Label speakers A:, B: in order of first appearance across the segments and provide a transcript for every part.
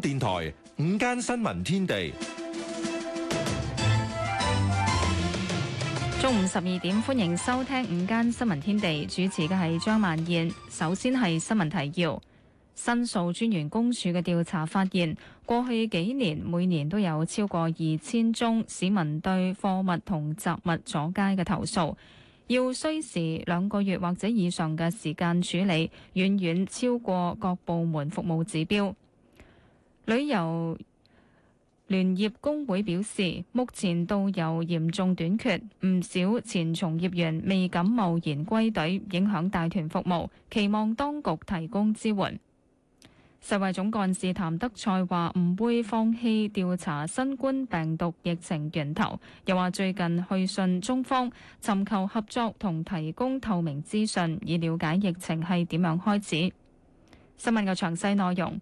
A: 電台午間新聞天地，
B: 中午十二點，歡迎收聽午間新聞天地。主持嘅係張曼燕。首先係新聞提要：申訴專員公署嘅調查發現，過去幾年每年都有超過二千宗市民對貨物同雜物阻街嘅投訴，要需時兩個月或者以上嘅時間處理，遠遠超過各部門服務指標。旅遊聯業工會表示，目前導遊嚴重短缺，唔少前從業員未敢貿然歸隊，影響大團服務。期望當局提供支援。世衛總幹事譚德塞話：唔會放棄調查新冠病毒疫情源頭。又話最近去信中方，尋求合作同提供透明資訊，以了解疫情係點樣開始。新聞嘅詳細內容。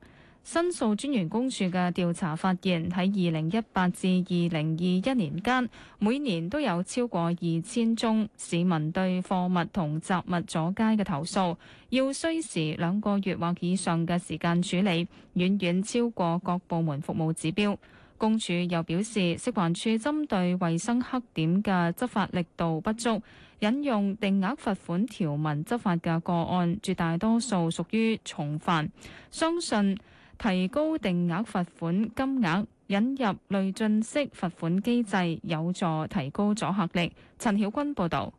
B: 申訴專員公署嘅調查發現，喺二零一八至二零二一年間，每年都有超過二千宗市民對貨物同雜物阻街嘅投訴，要需時兩個月或以上嘅時間處理，遠遠超過各部門服務指標。公署又表示，食環署針對衞生黑點嘅執法力度不足，引用定額罰款條文執法嘅個案絕大多數屬於重犯，相信提高定額罰款金額，引入累進式罰款機制，有助提高阻嚇力。
C: 陳曉君報道。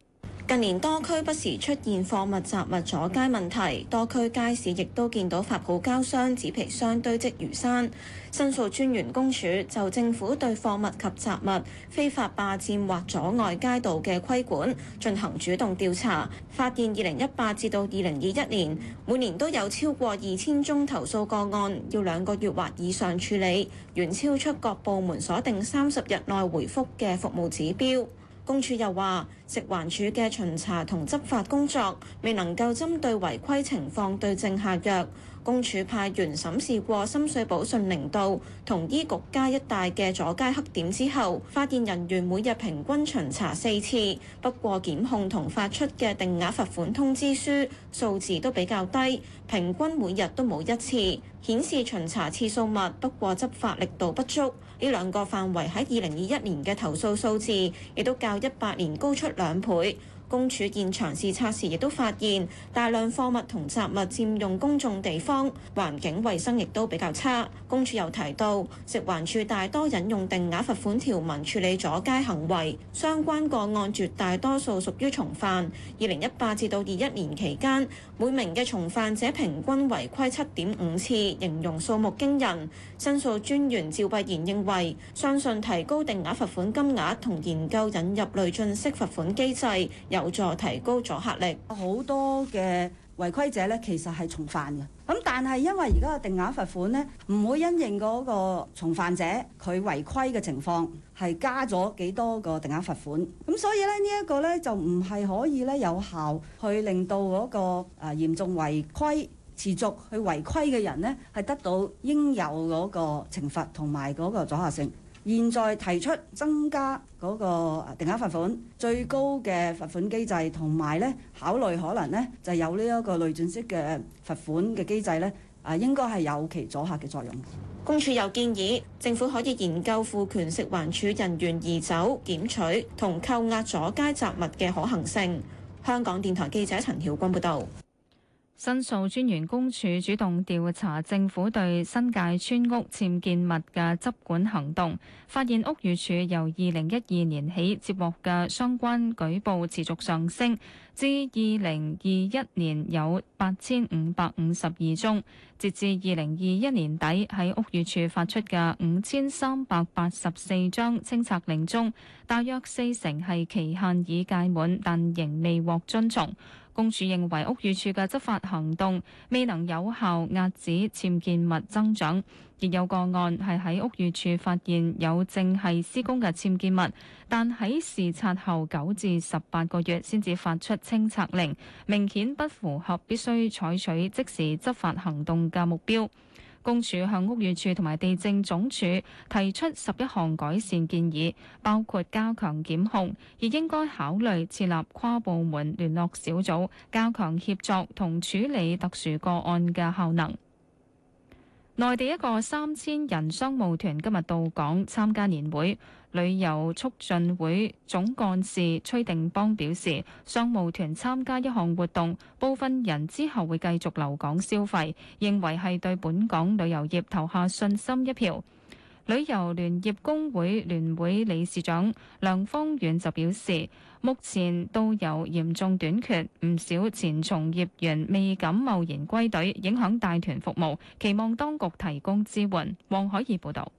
C: 近年多區不時出現貨物雜物阻街問題，多區街市亦都見到發泡膠箱、紙皮箱堆積如山。申訴專員公署就政府對貨物及雜物非法霸佔或阻礙街道嘅規管進行主動調查，發現二零一八至到二零二一年每年都有超過二千宗投訴個案，要兩個月或以上處理，遠超出各部門所訂三十日內回覆嘅服務指標。公署又話：食環署嘅巡查同執法工作未能夠針對違規情況對症下藥。公署派員審視過深水埗順寧道同醫局街一帶嘅阻街黑點之後，發現人員每日平均巡查四次，不過檢控同發出嘅定額罰款通知書數字都比較低，平均每日都冇一次，顯示巡查次數密，不過執法力度不足。呢兩個範圍喺二零二一年嘅投訴數字，亦都較一八年高出兩倍。公署現場視察時，亦都發現大量貨物同雜物佔用公眾地方，環境衛生亦都比較差。公署又提到，食環署大多引用定額罰款條文處理阻街行為，相關個案絕大多數屬於重犯。二零一八至到二一年期間，每名嘅重犯者平均違規七點五次，形容數目驚人。申訴專員趙慧賢認為，相信提高定額罰款金額同研究引入累進式罰款機制，有助提高阻嚇力，好多嘅違規者咧，
D: 其實係重犯嘅。咁但係因為而家嘅定額罰款咧，唔會因應嗰個重犯者佢違規嘅情況，係加咗幾多個定額罰款。咁所以咧，呢一個咧就唔係可以咧有效去令到嗰個誒嚴重違規持續去違規嘅人咧，係得到應有嗰個懲罰同埋嗰個阻嚇性。現在提出增加嗰個定額罰款最高嘅罰款機制，同埋咧考慮可能咧就有呢一個累進式嘅
C: 罰款嘅機制咧啊，應該係有其阻嚇嘅作用。公署又建議政府可以研究賦權食環署人員移走、檢取同扣押阻街雜物嘅可行性。香港電台記者陳曉君報導。申
B: 訴專員公署主動調查政府對新界村屋僭建物嘅執管行動，發現屋宇署由二零一二年起接獲嘅相關舉報持續上升，至二零二一年有八千五百五十二宗。截至二零二一年底，喺屋宇署發出嘅五千三百八十四張清拆令中，大約四成係期限已屆滿，但仍未獲遵從。公署認為屋宇署嘅執法行動未能有效壓止僭建物增長，亦有個案係喺屋宇署發現有正係施工嘅僭建物，但喺視察後九至十八個月先至發出清拆令，明顯不符合必須採取即時執法行動嘅目標。公署向屋宇署同埋地政總署提出十一項改善建議，包括加強檢控，亦應該考慮設立跨部門聯絡小組，加強協作同處理特殊個案嘅效能。內地一個三千人商務團今日到港參加年會，旅遊促進會總幹事崔定邦表示，商務團參加一項活動，部分人之後會繼續留港消費，認為係對本港旅遊業投下信心一票。旅遊聯業工會聯會理事長梁方遠就表示，目前都有嚴重短缺，唔少前從業員未敢貿然歸隊，影響大團服務，期望當局提供支援。黃海怡報道。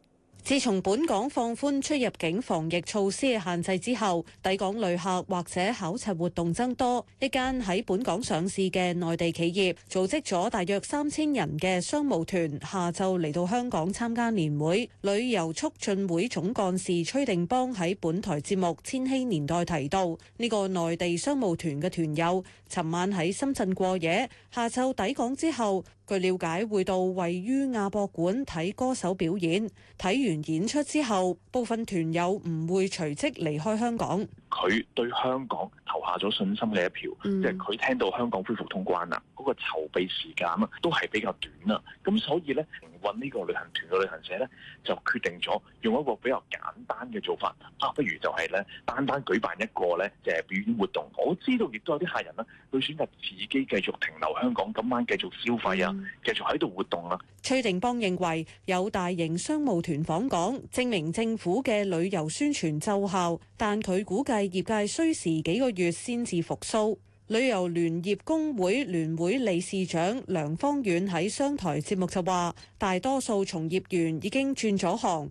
D: 自從本港放寬出入境防疫措施嘅限制之後，抵港旅客或者考察活動增多。一間喺本港上市嘅內地企業組織咗大約三千人嘅商務團，下晝嚟到香港參加年會。旅遊促進會總幹事崔定邦喺本台節目《千禧年代》提到，呢個內地商務團嘅團友，尋晚喺深圳過夜，下晝抵港之後，據了解會到位於亞博館睇歌手表演。睇完演出之後，部分團友唔會隨即離開香港。
E: 佢
A: 對香港投下咗信心嘅一票，即係佢聽到香港恢復通關啦，嗰、那個籌備時間啊，都係比較短啦。咁所以咧，搵呢個旅行團嘅旅行社咧，就決定咗用一個比較簡單嘅做法啊，不如就係咧單單舉辦一個咧，就係表演活動。我知道亦都有啲客人啦，會選擇自己繼續停留香港，嗯、今晚繼續消費啊，嗯、繼續喺度活動啦。
D: 崔定邦認為有大型商務團訪港，證明政府嘅旅遊宣傳奏效，但佢估計，係業界需時幾個月先至復甦。旅遊聯業工會聯會理事長梁方遠喺商台節目就話：大多數從業員已經轉咗行。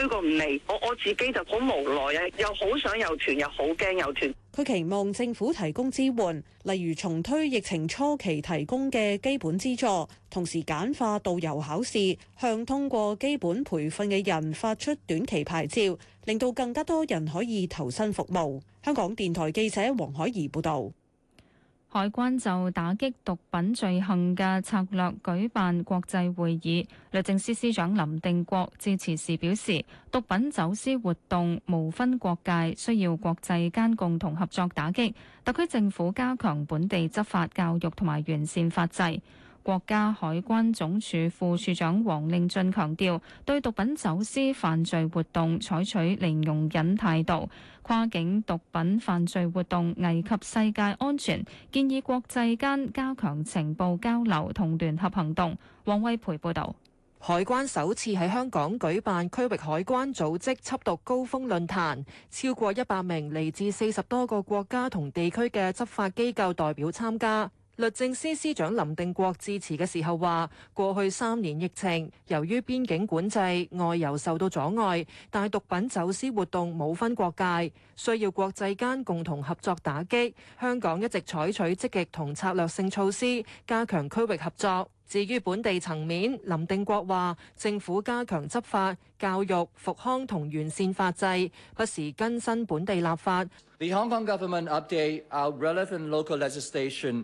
A: 推過唔嚟，我我自己就好無奈啊！又好想有團，又好驚有
D: 團。佢期望政府提供支援，例如重推疫情初期提供嘅基本資助，同時簡化導遊考試，向通過基本培訓嘅人發出短期牌照，令到更加多人可以投身服務。香港電台記者黃海怡報導。
B: 海關就打擊毒品罪行嘅策略舉辦國際會議，律政司司長林定國致辭時表示，毒品走私活動無分國界，需要國際間共同合作打擊。特區政府加強本地執法、教育同埋完善法制。國家海關總署副署長王令俊強調，對毒品走私犯罪活動採取零容忍態度。跨境毒品犯罪活動危及世界安全，建議國際間加強情報交流
F: 同聯合行動。王威培報導，海關首次喺香港舉辦區域海關組織緝毒高峰論壇，超過一百名嚟自四十多個國家同地區嘅執法機構代表參加。律政司司長林定國致辭嘅時候話，過去三年疫情，由於邊境管制，外遊受到阻礙，但毒品走私活動冇分國界，需要國際間共同合作打擊。香港一直採取積極同策略性措施，加強區域合作。至於本地層面，林定國話，政府加強執法、教育、復康同完善法制，不時更新本地立法。
A: The Hong Kong government update our relevant local legislation.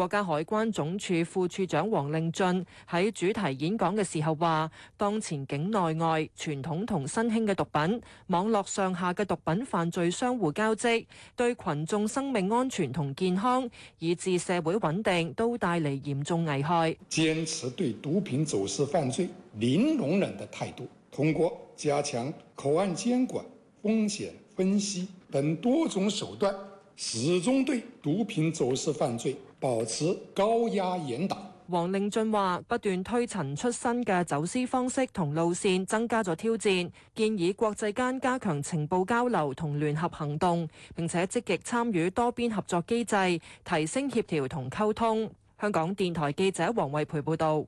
F: 國家海關總署副署長黃令俊喺主題演講嘅時候話，當前境內外傳統同新興嘅毒品網絡上下嘅毒品犯罪相互交織，對群眾生命安全
E: 同健康，以至社會
F: 穩定都帶嚟嚴重危害。
E: 堅持對毒品走私犯罪零容忍的態度，通過加強口岸監管、風險分析等多種手段，始終對毒品走私犯罪。保持高壓嚴打。
F: 王令俊話：不斷推陳出新嘅走私方式同路線，增加咗挑戰。建議國際間加強情報交流同聯合行動，並且積極參與多邊合作機制，提升協調同溝通。香港電台記者黃慧培報導。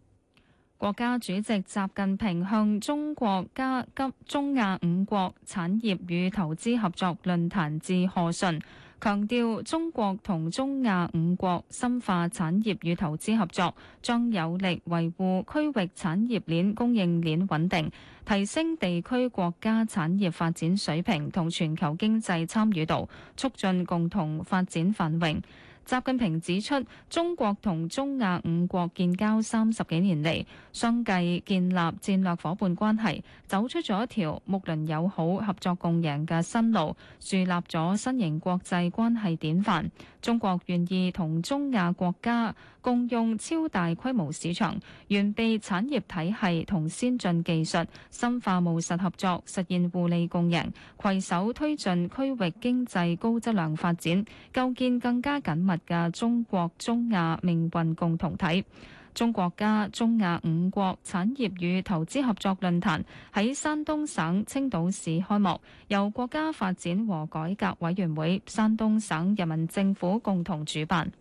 B: 國家主席習近平向中國加急中亞五國產業與投資合作論壇致賀信。強調中國同中亞五國深化產業與投資合作，將有力維護區域產業鏈供應鏈穩定，提升地區國家產業發展水平同全球經濟參與度，促進共同發展繁榮。習近平指出，中國同中亞五國建交三十幾年嚟，相繼建立戰略夥伴關係，走出咗一條睦鄰友好、合作共贏嘅新路，樹立咗新型國際關係典範。中國願意同中亞國家共用超大規模市場，完備產業體系同先進技術，深化務實合作，實現互利共贏，攜手推進區域經濟高質量發展，構建更加緊密嘅中國中亞命運共同體。中國加中亞五國產業與投資合作論壇喺山東省青島市開幕，由國家發展和改革委員會、山東省人民政府共同主辦。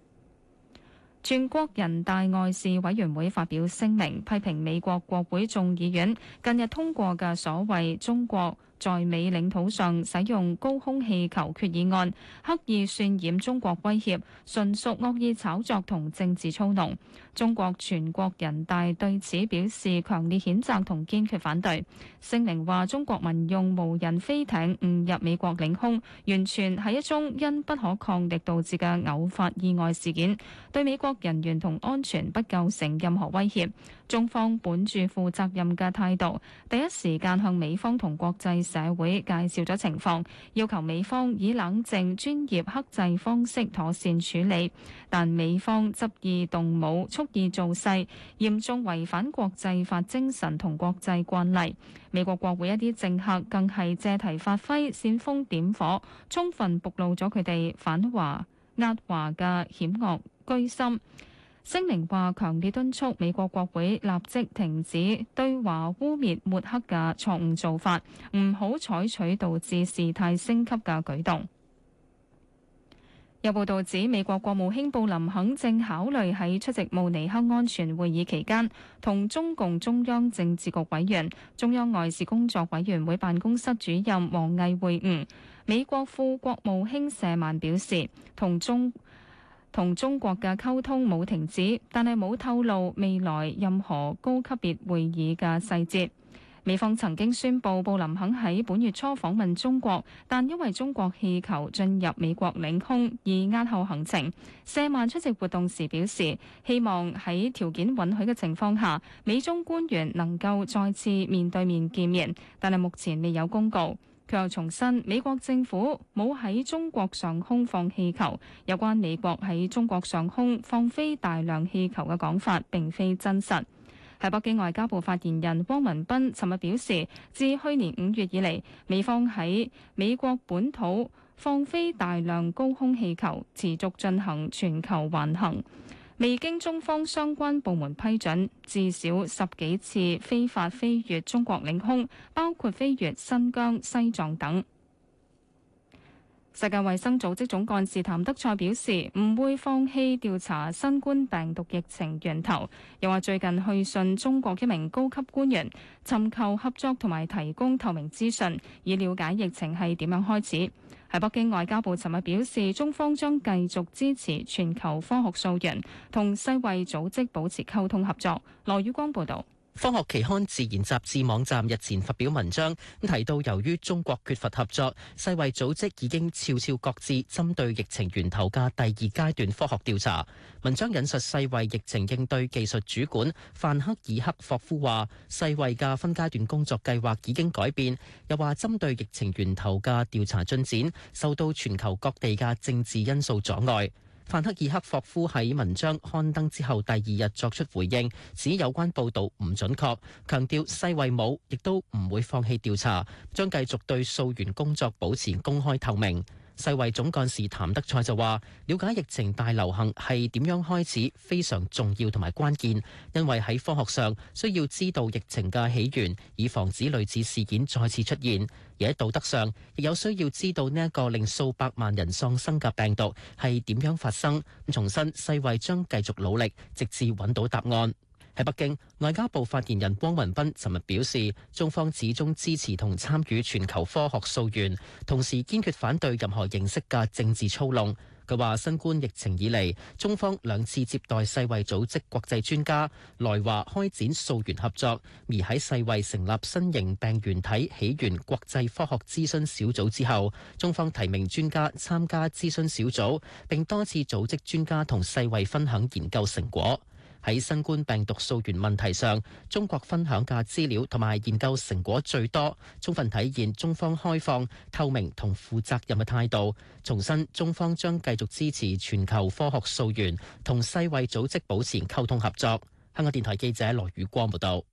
B: 全國人大外事委員會發表聲明，批評美國國會眾議院近日通過嘅所謂中國在美領土上使用高空氣球決議案，刻意渲染中國威脅，純屬惡意炒作同政治操弄。中國全國人大對此表示強烈譴責同堅決反對。聲明話中國民用無人飛艇誤入美國領空，完全係一宗因不可抗力導致嘅偶發意外事件，對美國人員同安全不構成任何威脅。中方本住負責任嘅態度，第一時間向美方同國際。社會介紹咗情況，要求美方以冷靜、專業、克制方式妥善處理，但美方執意動武、蓄意造勢，嚴重違反國際法精神同國際慣例。美國國會一啲政客更係借題發揮、煽風點火，充分暴露咗佢哋反華、壓華嘅險惡居心。聲明話強烈敦促美國國會立即停止對華污蔑抹黑嘅錯誤做法，唔好採取導致事態升級嘅舉動。有報道指美國國務卿布林肯正考慮喺出席慕尼黑安全會議期間，同中共中央政治局委員、中央外事工作委員會辦公室主任王毅會晤。美國副國務卿舍曼表示，同中同中國嘅溝通冇停止，但係冇透露未來任何高級別會議嘅細節。美方曾經宣布布林肯喺本月初訪問中國，但因為中國氣球進入美國領空而押後行程。謝曼出席活動時表示，希望喺條件允許嘅情況下，美中官員能夠再次面對面見面，但係目前未有公告。佢又重申，美國政府冇喺中國上空放氣球，有關美國喺中國上空放飛大量氣球嘅講法並非真實。喺北京外交部發言人汪文斌尋日表示，自去年五月以嚟，美方喺美國本土放飛大量高空氣球，持續進行全球環行。未經中方相關部門批准，至少十幾次非法飛越中國領空，包括飛越新疆、西藏等。世界衛生組織總幹事譚德塞表示，唔會放棄調查新冠病毒疫情源頭，又話最近去信中國一名高級官員，尋求合作同埋提供透明資訊，以了解疫情係點樣開始。喺北京外交部尋日表示，中方將繼續支持全球科學素人，同世衛組織保持溝通合作。羅宇光報道。
G: 《科學期刊》自然雜誌網站日前發表文章，提到由於中國缺乏合作，世衛組織已經悄悄擱置針對疫情源頭嘅第二階段科學調查。文章引述世衛疫情應對技術主管范克爾克霍夫話，世衛嘅分階段工作計劃已經改變。又話針對疫情源頭嘅調查進展受到全球各地嘅政治因素阻礙。范克爾克霍夫喺文章刊登之後第二日作出回應，指有關報導唔準確，強調世衛冇亦都唔會放棄調查，將繼續對溯源工作保持公開透明。世衛總幹事譚德賽就話：了解疫情大流行係點樣開始非常重要同埋關鍵，因為喺科學上需要知道疫情嘅起源，以防止類似事件再次出現；而喺道德上亦有需要知道呢一個令數百萬人喪生嘅病毒係點樣發生。重申世衛將繼續努力，直至揾到答案。喺北京，外交部發言人汪文斌尋日表示，中方始終支持同參與全球科學溯源，同時堅決反對任何形式嘅政治操弄。佢話新冠疫情以嚟，中方兩次接待世衛組織國際專家來華開展溯源合作，而喺世衛成立新型病原體起源國際科學諮詢小組之後，中方提名專家參加諮詢小組，並多次組織專家同世衛分享研究成果。喺新冠病毒溯源問題上，中國分享嘅資料同埋研究成果最多，充分體現中方開放、透明同負責任嘅態度。重申中方將繼續支持全球科學溯源，同世衛組織保持溝通合作。香港電台記者羅宇光報道。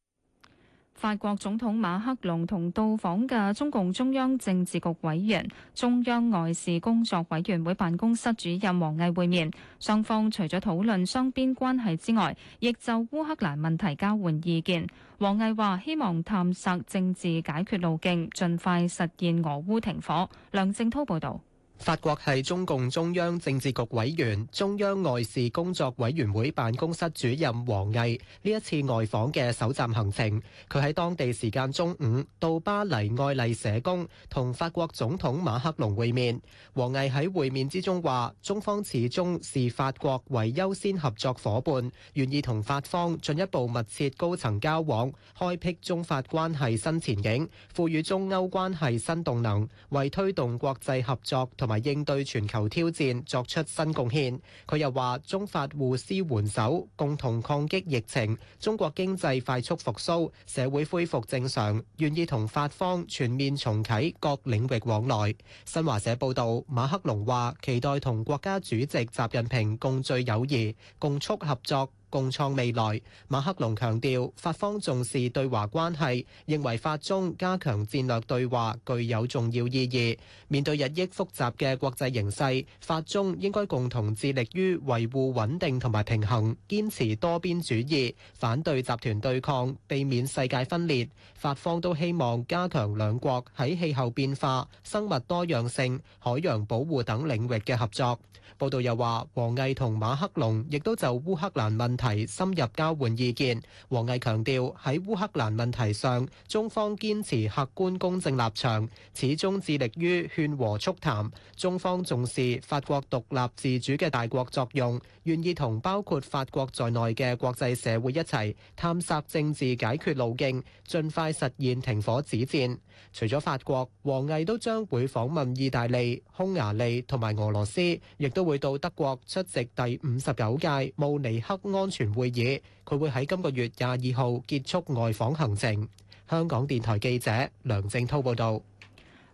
B: 法國總統馬克龍同到訪嘅中共中央政治局委員、中央外事工作委員會辦公室主任王毅會面，雙方除咗討論雙邊關係之外，亦就烏克蘭問題交換意見。王毅話希望探索政治解決路徑，盡快實現俄烏停火。梁正濤報道。
H: 法國係中共中央政治局委員、中央外事工作委員會辦公室主任王毅呢一次外訪嘅首站行程，佢喺當地時間中午到巴黎愛麗舍宮同法國總統馬克龍會面。王毅喺會面之中話：中方始終視法國為優先合作伙伴，願意同法方進一步密切高層交往，開辟中法關係新前景，賦予中歐關係新動能，為推動國際合作同。同埋應對全球挑戰作出新貢獻。佢又話：中法互施援手，共同抗擊疫情，中國經濟快速復甦，社會恢復正常，願意同法方全面重啟各領域往來。新華社報導，馬克龍話：期待同國家主席習近平共聚友誼，共促合作。共創未來。馬克龍強調，法方重視對華關係，認為法中加強戰略對話，具有重要意義。面對日益複雜嘅國際形勢，法中應該共同致力於維護穩定同埋平衡，堅持多邊主義，反對集團對抗，避免世界分裂。法方都希望加強兩國喺氣候變化、生物多樣性、海洋保護等領域嘅合作。報道又話，王毅同馬克龍亦都就烏克蘭問提深入交換意見，王毅強調喺烏克蘭問題上，中方堅持客觀公正立場，始終致力於勸和促談。中方重視法國獨立自主嘅大國作用。願意同包括法國在內嘅國際社會一齊探索政治解決路徑，盡快實現停火止戰。除咗法國，王毅都將會訪問意大利、匈牙利同埋俄羅斯，亦都會到德國出席第五十九屆慕尼黑安全會議。佢會喺今個月廿二號結束外訪行程。香港電台記者梁正滔報道。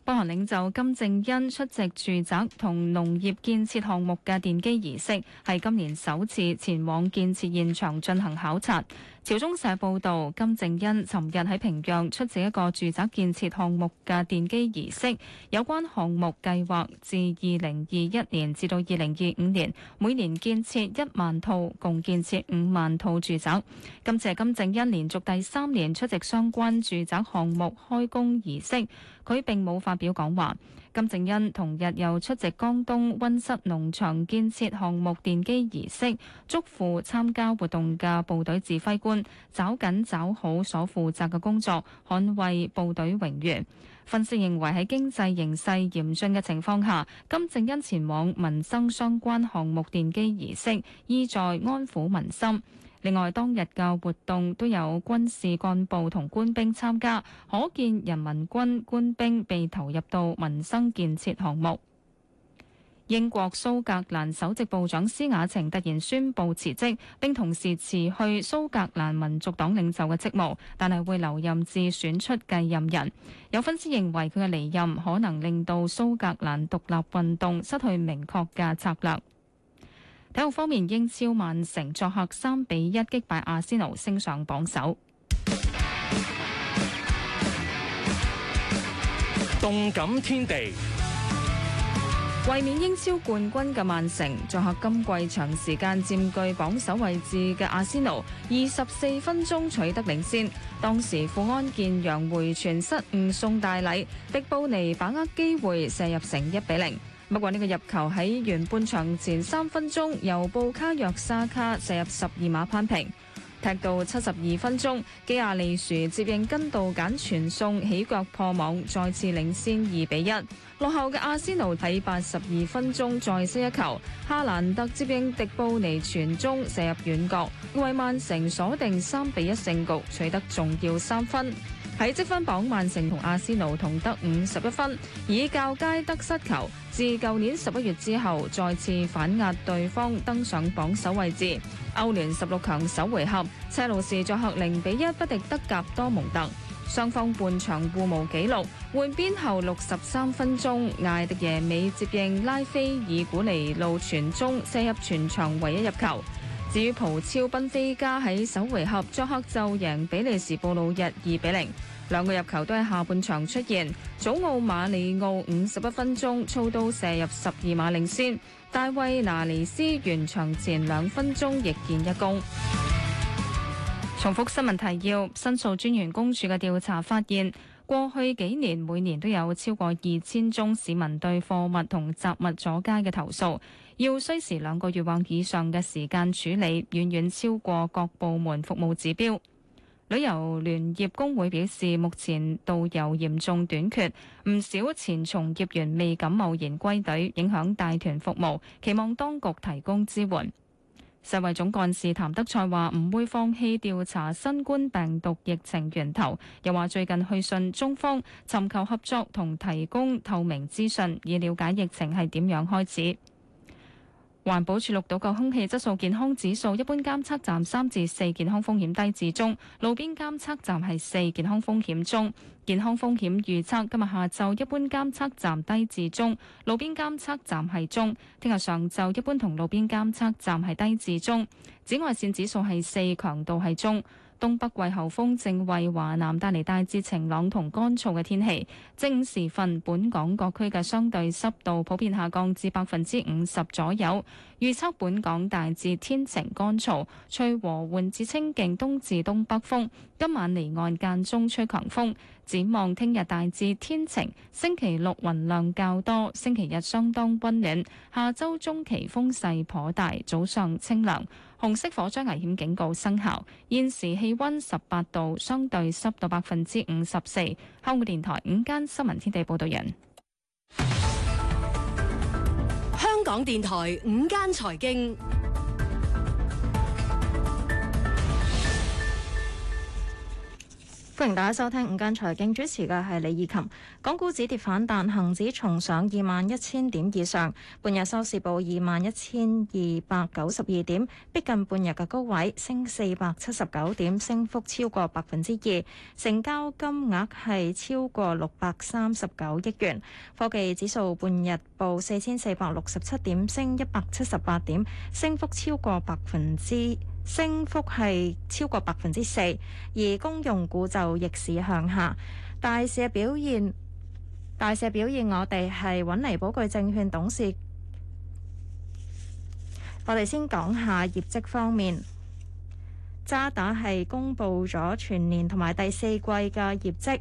B: 北韓領袖金正恩出席住宅同農業建設項目嘅奠基儀式，係今年首次前往建設現場進行考察。朝中社報導，金正恩尋日喺平壤出席一個住宅建設項目嘅奠基儀式。有關項目計劃自二零二一年至到二零二五年，每年建設一萬套，共建設五萬套住宅。今次係金正恩連續第三年出席相關住宅項目開工儀式，佢並冇發表講話。金正恩同日又出席江東溫室農場建設項目奠基儀式，囑咐參加活動嘅部隊指揮官找緊找好所負責嘅工作，捍衛部隊榮譽。分析認為喺經濟形勢嚴峻嘅情況下，金正恩前往民生相關項目奠基儀式，意在安撫民心。另外，當日嘅活動都有軍事幹部同官兵參加，可見人民軍官兵被投入到民生建設項目。英國蘇格蘭首席部長施雅晴突然宣布辭職，並同時辭去蘇格蘭民族黨領袖嘅職務，但係會留任至選出繼任人。有分析認為佢嘅離任可能令到蘇格蘭獨立運動失去明確嘅策略。體育方面，英超曼城作客三比一擊敗阿仙奴，升上榜首。
A: 動感天地，衛
B: 冕英超冠軍嘅曼城作客今季長時間佔據榜首位置嘅阿仙奴，二十四分鐘取得領先。當時富安健洋回傳失誤送大禮，迪布尼把握機會射入成一比零。不過呢個入球喺前半場前三分鐘由布卡約沙卡射入十二碼扳平，踢到七十二分鐘，基亞利殊接應根道簡傳送起腳破網，再次領先二比一。落後嘅阿仙奴喺八十二分鐘再失一球，哈蘭特接應迪布尼傳中射入遠角，為曼城鎖定三比一勝局，取得重要三分。喺積分榜，曼城同阿仙奴同得五十一分，以較佳得失球，自舊年十一月之後再次反壓對方登上榜首位置。歐聯十六強首回合，車路士作客零比一不敵德甲多蒙特，雙方半場互無紀錄，換邊後六十三分鐘，艾迪耶尾接應拉菲爾古尼路傳中，射入全場唯一入球。至於葡超賓菲加喺首回合作客就贏比利時布魯日二比零，兩個入球都喺下半場出現。祖奧馬里奧五十一分鐘操刀射入十二碼領先，大衛拿尼斯完場前兩分鐘亦建一功。重複新聞提要：申訴專員公署嘅調查發現。過去幾年，每年都有超過二千宗市民對貨物同雜物阻街嘅投訴，要需時兩個月或以上嘅時間處理，遠遠超過各部門服務指標。旅遊聯業工會表示，目前導遊嚴重短缺，唔少前從業員未敢貿然歸隊，影響大團服務，期望當局提供支援。世衛總幹事譚德賽話唔會放棄調查新冠病毒疫情源頭，又話最近去信中方，尋求合作同提供透明資訊，以了解疫情係點樣開始。環保署錄到嘅空氣質素健康指數，一般監測站三至四，健康風險低至中；路邊監測站係四，健康風險中。健康風險預測今日下晝一般監測站低至中，路邊監測站係中。聽日上晝一般同路邊監測站係低至中。紫外線指數係四，強度係中。東北季候風正為華南帶嚟大致晴朗同乾燥嘅天氣。正午時分，本港各區嘅相對濕度普遍下降至百分之五十左右。預測本港大致天晴乾燥，吹和緩至清勁東至東北風。今晚離岸間中吹強風。展望聽日大致天晴，星期六雲量較多，星期日相當温暖。下周中期風勢頗大，早上清涼。紅色火災危險警告生效。現時氣溫十八度，相對濕度百分之五十四。香港電台午間新聞天地報道人。
F: 香港電台午間財經。
I: 歡迎大家收聽午間財經，主持嘅係李以琴。港股止跌反彈，恒指重上二萬一千點以上，半日收市報二萬一千二百九十二點，逼近半日嘅高位，升四百七十九點，升幅超過百分之二，成交金額係超過六百三十九億元。科技指數半日報四千四百六十七點，升一百七十八點，升幅超過百分之。升幅係超過百分之四，而公用股就逆市向下。大市嘅表現，大市嘅表現，我哋係揾嚟。寶鉅證券董事，我哋先講下業績方面。渣打係公布咗全年同埋第四季嘅業績。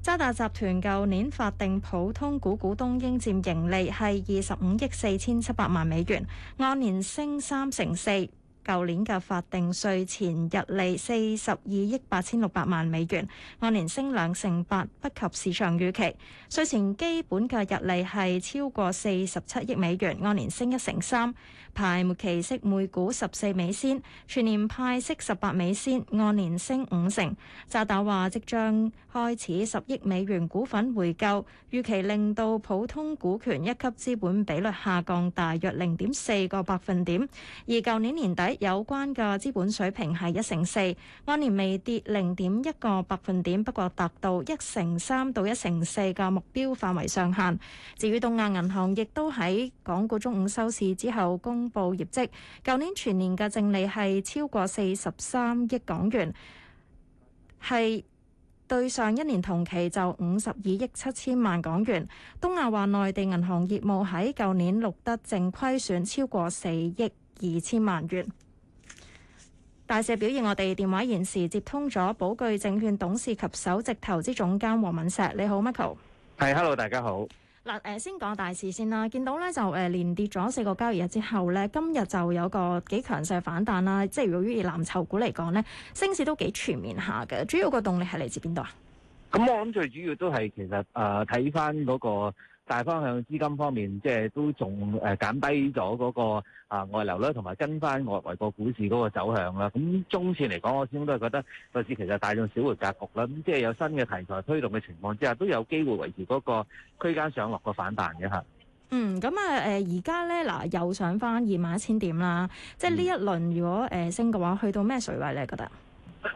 I: 渣打集團舊年法定普通股股東應佔盈利係二十五億四千七百萬美元，按年升三成四。舊年嘅法定稅前盈利四十二億八千六百萬美元，按年升兩成八，不及市場預期。稅前基本嘅盈利係超過四十七億美元，按年升一成三。派末期息每股十四美仙，全年派息十八美仙，按年升五成。渣打話，即將開始十億美元股份回購，預期令到普通股權一級資本比率下降大約零點四個百分點，而舊年年底。有關嘅資本水平係一成四，按年未跌零點一個百分點，不過達到一成三到一成四嘅目標範圍上限。至於東亞銀行，亦都喺港股中午收市之後公布業績，舊年全年嘅淨利係超過四十三億港元，係對上一年同期就五十二億七千萬港元。東亞話，內地銀行業務喺舊年錄得淨虧損超過四億二千萬元。大市表現我，我哋電話延時接通咗寶巨證券董事及首席，及首席投資總監黃敏石。你好，Michael。
A: 係，Hello，大家好。
I: 嗱，誒先講大市先啦。見到咧就誒連跌咗四個交易日之後咧，今日就有個幾強勢反彈啦。即係如果以藍籌股嚟講咧，升市都幾全面下嘅。主要個動力係嚟自邊度啊？
A: 咁我諗最主要都係其實誒睇返嗰個。大方向資金方面，即係都仲誒減低咗嗰個啊外流啦，同埋跟翻外圍個股市嗰個走向啦。咁中線嚟講，我始終都係覺得個市其實大升小回格局啦。咁即係有新嘅題材推動嘅情況之下，都有機會維持嗰個區間上落個反彈嘅嚇。嗯，
I: 咁啊誒，而家咧嗱又上翻二萬一千點啦。即係呢一輪如果誒升嘅話，去到咩水位咧？你覺得？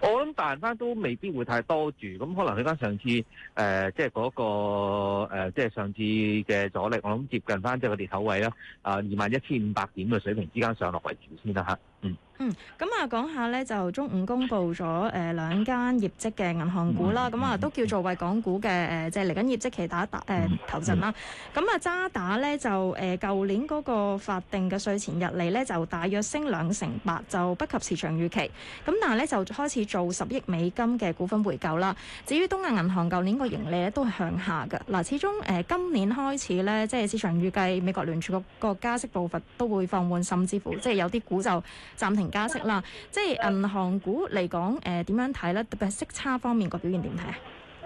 A: 我諗彈翻都未必會太多住，咁可能佢翻上次誒、呃，即係嗰、那個、呃、即係上次嘅阻力，我諗接近翻即係個裂口位啦，啊二萬一千五百點嘅水平之間上落為主先啦嚇。
I: 嗯，咁啊，講下咧就中午公布咗誒兩間業績嘅銀行股啦，咁啊、嗯、都叫做為港股嘅誒即係嚟緊業績期打打誒頭陣啦。咁啊、嗯嗯、渣打咧就誒舊、呃、年嗰個法定嘅稅前溢利咧就大約升兩成八，就不及市場預期。咁但係咧就開始做十億美金嘅股份回購啦。至於東亞銀行，舊年個盈利咧都係向下噶。嗱，始終誒、呃、今年開始咧即係市場預計美國聯儲局個加息步伐都會放緩，甚至乎即係有啲股就。暫停加息啦，即係銀行股嚟講，誒點樣睇咧？特別係息差方面個表現點睇
A: 啊？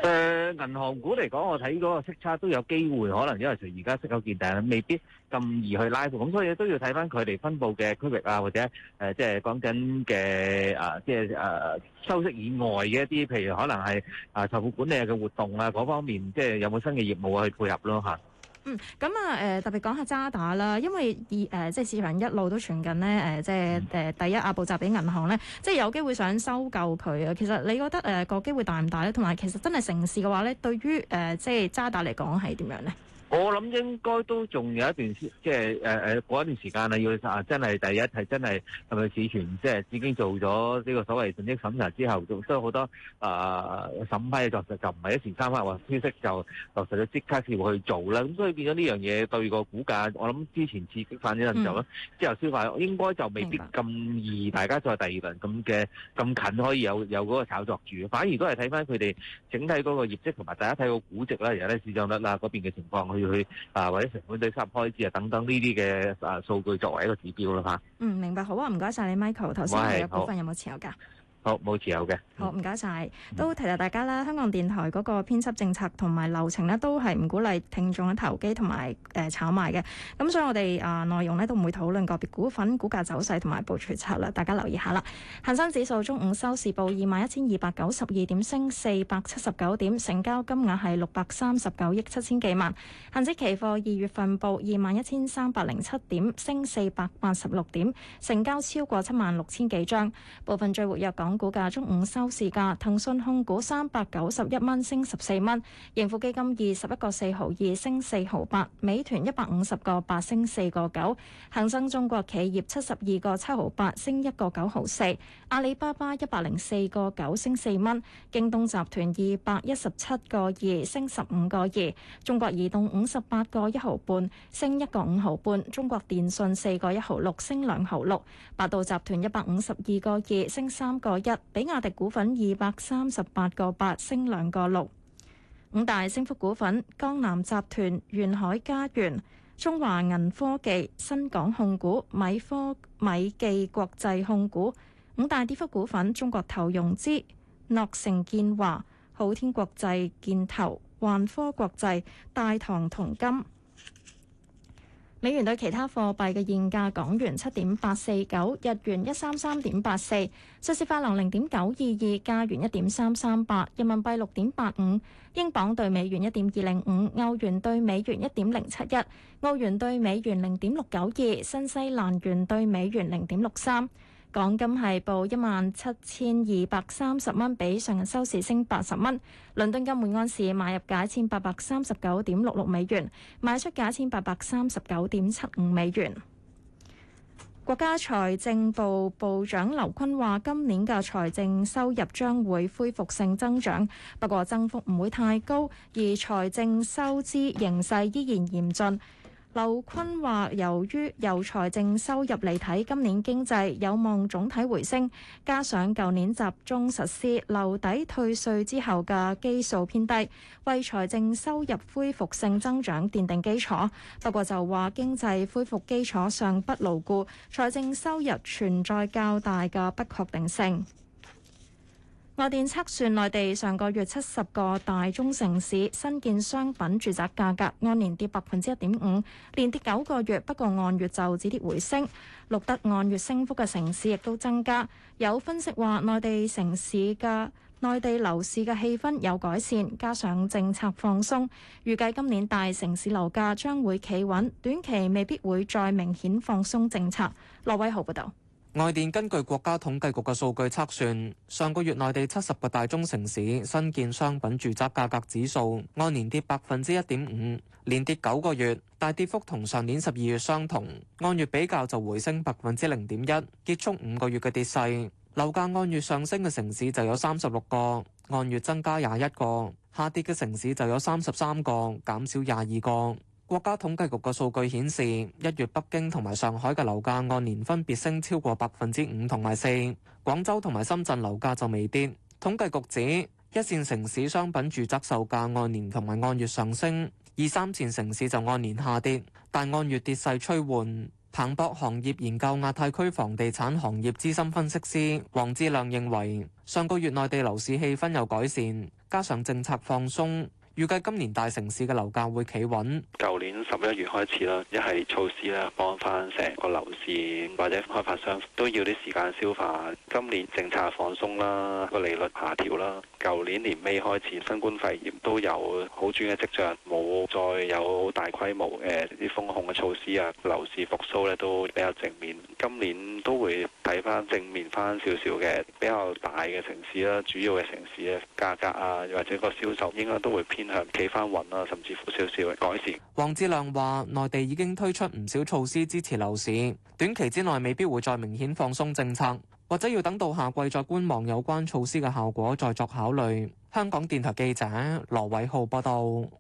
A: 誒，銀行股嚟講，我睇嗰個息差都有機會可能，因為隨而家息口見底，未必咁易去拉盤。咁所以都要睇翻佢哋分佈嘅區域啊，或者誒，即係講緊嘅啊，即係誒收息以外嘅一啲，譬如可能係啊財富管理嘅活動啊，嗰方面即係有冇新嘅業務去配合咯嚇。
I: 嗯，咁啊，誒、呃、特別講下渣打啦，因為二誒、呃、即係市場一路都傳緊咧誒，即係誒第一亞布扎比銀行咧，即係有機會想收購佢啊。其實你覺得誒個、呃、機會大唔大咧？同埋其實真係成事嘅話咧，對於誒、呃、即係渣打嚟講係點
A: 樣咧？我諗應該都仲有一段，即係誒誒，呃、一段時間啊，要啊真係第一係真係係咪市傳，即係已經做咗呢個所謂權益審查之後，咁所以好多啊、呃、審批嘅作實就唔係一時三刻話消息就落實咗即刻要去做咧。咁所以變咗呢樣嘢對個股價，我諗之前刺激翻一陣就，嗯、之後消化應該就未必咁易，大家再第二輪咁嘅咁近可以有有嗰個炒作住，反而都係睇翻佢哋整體嗰個業績同埋大家睇個估值啦，而家咧市賬率啦嗰邊嘅情況去啊，或者成本、對支出、開支啊等等呢啲嘅啊數據作為一個指標啦吓，嗯，
I: 明白。好啊，唔該晒你，Michael。頭先有股份有冇持有㗎？嗯
A: 好，冇
I: 持有嘅。好，唔該晒，都提提大家啦。嗯、香港電台嗰個編輯政策同埋流程呢，都係唔鼓勵聽眾咧投機同埋誒炒賣嘅。咁所以我哋啊內容呢，都唔會討論個別股份股價走勢同埋部署策略。大家留意下啦。恒生指數中午收市報二萬一千二百九十二點，升四百七十九點，成交金額係六百三十九億七千幾萬。恒指期貨二月份報二萬一千三百零七點，升四百八十六點，成交超過七萬六千幾張。部分最活躍港股價中午收市價，騰訊控股三百九十一蚊升十四蚊，盈富基金二十一個四毫二升四毫八，美團一百五十個八升四個九，恒生中國企業七十二個七毫八升一個九毫四，阿里巴巴一百零四個九升四蚊，京東集團二百一十七個二升十五個二，中國移動五十八個一毫半升一個五毫半，中國電信四個一毫六升兩毫六，百度集團一百五十二個二升三個。一比亞迪股份二百三十八個八升兩個六，五大升幅股份：江南集團、沿海家園、中華銀科技、新港控股、米科米記國際控股。五大跌幅股份：中國投融資、諾城建華、好天國際、建投環科國際、大唐銅金。美元對其他貨幣嘅現價：港元七點八四九，日元一三三點八四，瑞士法郎零點九二二，加元一點三三八，人民幣六點八五，英鎊對美元一點二零五，歐元對美元一點零七一，澳元對美元零點六九二，新西蘭元對美元零點六三。港金係報一萬七千二百三十蚊，比上日收市升八十蚊。倫敦金每安士買入價一千八百三十九點六六美元，賣出價一千八百三十九點七五美元。國家財政部部長劉昆話：今年嘅財政收入將會恢復性增長，不過增幅唔會太高，而財政收支形勢依然嚴峻。劉坤話，由於由財政收入嚟睇，今年經濟有望總體回升，加上舊年集中實施留底退稅之後嘅基數偏低，為財政收入恢復性增長奠定基礎。不過就話經濟恢復基礎尚不牢固，財政收入存在較大嘅不確定性。外電測算，內地上個月七十個大中城市新建商品住宅價格按年跌百分之一點五，連跌九個月。不過按月就止跌回升，錄得按月升幅嘅城市亦都增加。有分析話，內地城市嘅內地樓市嘅氣氛有改善，加上政策放鬆，預計今年大城市樓價將會企穩，短期未必會再明顯放鬆政策。羅偉豪報道。
E: 外電根據國家統計局嘅數據測算，上個月內地七十個大中城市新建商品住宅價格指數按年跌百分之一點五，連跌九個月，大跌幅同上年十二月相同。按月比較就回升百分之零點一，結束五個月嘅跌勢。樓價按月上升嘅城市就有三十六個，按月增加廿一個；下跌嘅城市就有三十三個，減少廿二個。國家統計局嘅數據顯示，一月北京同埋上海嘅樓價按年分別升超過百分之五同埋四，廣州同埋深圳樓價就未跌。統計局指，一線城市商品住宅售價按年同埋按月上升，二三線城市就按年下跌，但按月跌勢趨緩。彭博行業研究亞太區房地產行業資深分析師黃志亮認為，上個月內地樓市氣氛有改善，加上政策放鬆。預計今年大城市嘅樓價會企穩。
A: 舊年十一月開始啦，一系列措施啦，幫翻成個樓市或者開發商都要啲時間消化。今年政策放鬆啦，個利率下調啦。舊年年尾開始，新冠肺炎都有好轉嘅跡象，冇再有大規模嘅啲封控嘅措施啊，樓市復甦咧都比較正面。今年都會睇翻正面翻少少嘅比較大嘅城市啦，主要嘅城市嘅價格啊，或者個銷售應該都會偏面向企翻穩啊，甚至乎
E: 少少嘅改善。黃志亮話，內地已經推出唔少措施支持樓市，短期之內未必會再明顯放鬆政策，或者要等到下季再觀望有關措施嘅效果，再作考慮。香港電台記者羅偉浩報道。